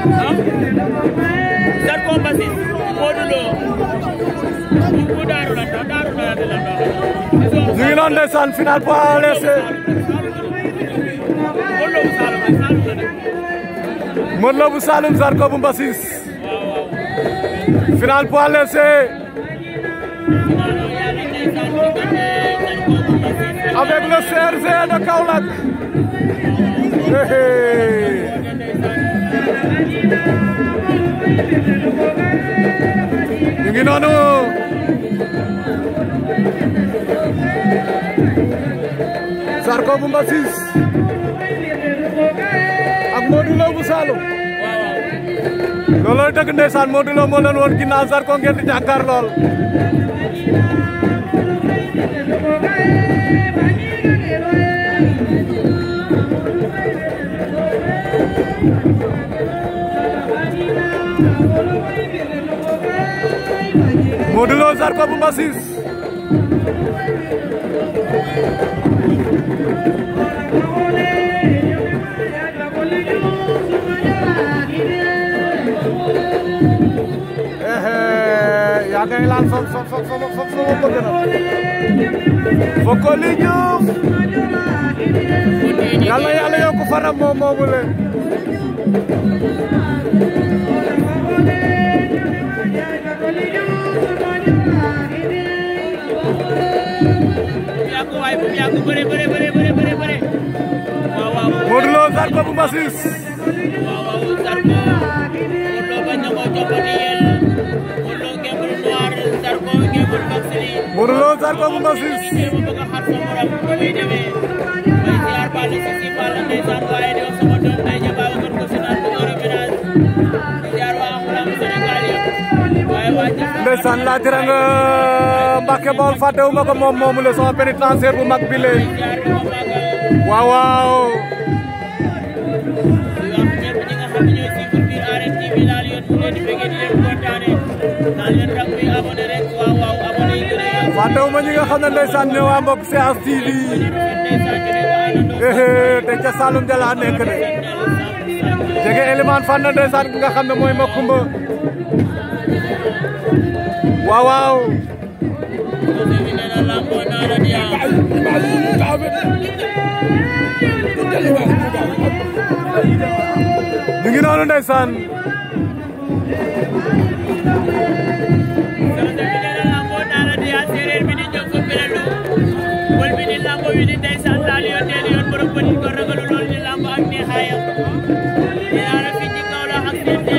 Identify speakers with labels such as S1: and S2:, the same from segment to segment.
S1: Zarko Mbasis Modou Lo bu Daaru la do Daaru la de la do ñu ngi noonu ndeysaan final pour ANS Modou Lo bu Saloum le ñu ngi noonu Zarko bu Mbasis ak Modou Lo bu Saloum loolooy dëgg ndeysaan Modou Lo moo leen woon ginnaaw Zarko ngeen lool Modou Lo Zarko bu Mbasis yaa ngay laal fo fo fo fo fo fo bëgg na Fokoli Diouf yàlla yàlla yokk fanam moom moomu leen Modou Lo Zarko bu Mbasis Modou Lo Zarko bu Mbasis Modou Lo ndeysaan la teranga Mbàkke Bawol fàttewuma ko moom moomu le sama pénitentiaire bu mag bi le waaw waaw fàttewuma ñi nga xam ne ndeysaan ne waa mbokk Seras TV te ca Saloum de nekk de jege Elimane Fane ndeysaan ki nga xam ne mooy Makumba waaw waaw ñu ngi noonu ndeysaan séeréer bi di jóg ko pelelu wol bi di lambo wi di ndeysaan taaliyo teelu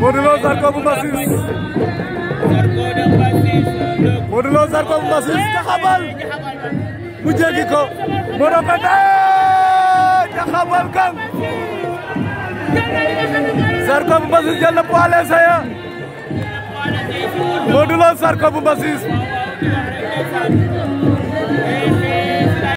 S1: Modou Lo Zarko bu Mbasis Modou Lo Zarko bu Mbasis jaxabal mu jéggi ko mu rafetee jaxabal kan Zarko bu Mbasis jël na poids léger ya Modou Lo Zarko bu Mbasis